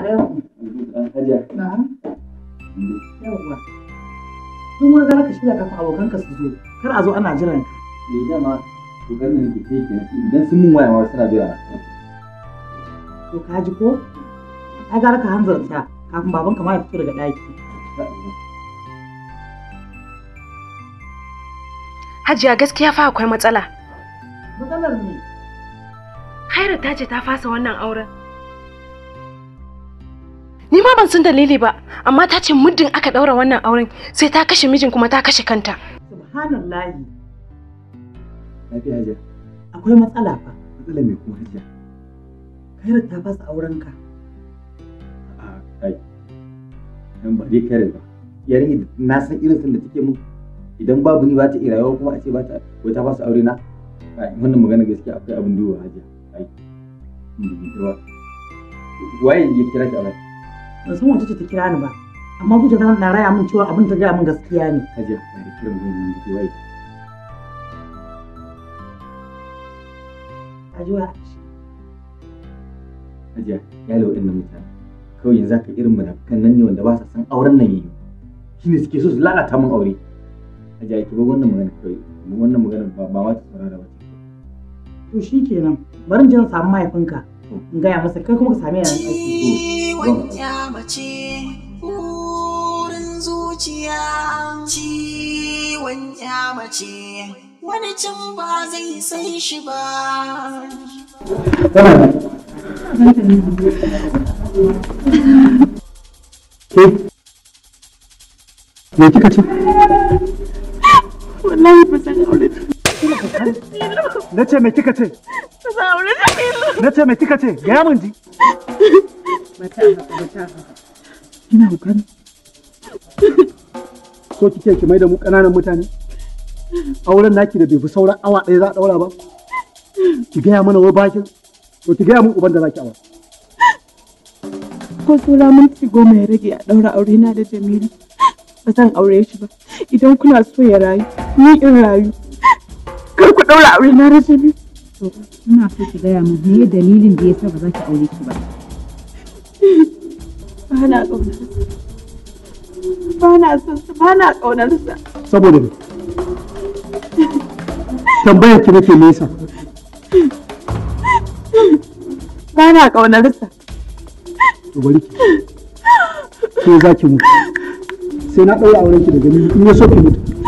alaikum. Hajiya. Yawwa. Tun gara ka shirya kafin abokanka su zo, kar a zo ana jiran ka. Eh dama kokarin da nake kai idan sun mun waya ma suna jira. To ka ji ko? Ai gara ka hanzarta kafin baban ka ma ya fito daga ɗaki. Hajiya gaskiya fa akwai matsala. Matsalar me? Khairu ta ce ta fasa wannan auren. ni ma ban san dalili ba amma ta ce muddin aka daura wannan auren sai ta kashe mijin kuma ta kashe kanta subhanallahi lafiya hajiya akwai matsala fa matsala me kuma hajiya kairat ta fasa auren ka a kai dan ba dai kairat ba yarin na san irin sun da take mu idan babu ni ba ta iya rayuwa kuma a ce ba ta wai ta fasa aure na wannan magana gaskiya akwai abin duba hajiya ai wai ya kira ki a ban san ce ta kira ni ba amma zuciya ta na raya min cewa abin ta gaya min gaskiya ne hajiya na da kiran gani ne ke wai hajiya hajiya ya lewa inda mutane kawai yanzu haka irin munafukan nan ne wanda ba sa san auren nan yayi shine suke so su lalata min aure hajiya ki ba wannan magana kawai wannan magana ba ba wata saurara ba to shikenan bari in je samu mahaifinka in gaya masa kai kuma ka same yaran aiki wanya mace wurin zuciya ciwon ya mace wani can ba zai san shi ba Me kika ce? Wallahi ba san aure. Na ce me kika ce? Na ce mai kika ce gaya min ji. Kina hukari? So kike ki mai da mu ƙananan mutane? Auren naki da bai fi sauran awa ɗaya za a ɗaura ba? Ki gaya mana wai bakin? To ki gaya min uban da za ki awa. Ko saura minti goma ya rage a ɗaura aure na da Jamilu. Ba zan aure shi ba. Idan kuna so ya rayu, ni in rayu. Kar ku ɗaura aure na da Jamilu. so ina so ki gaya min me dalilin da yasa ba za ki aure ki ba. Ba na ƙaunarsa. Ba na son sa, ba ƙaunarsa. Saboda me? Tambayar ki nake nesa. bana na ƙaunarsa. To bari ki. Ke za ki mutu. Sai na ɗaura aurenki daga ni in ya so ki mutu.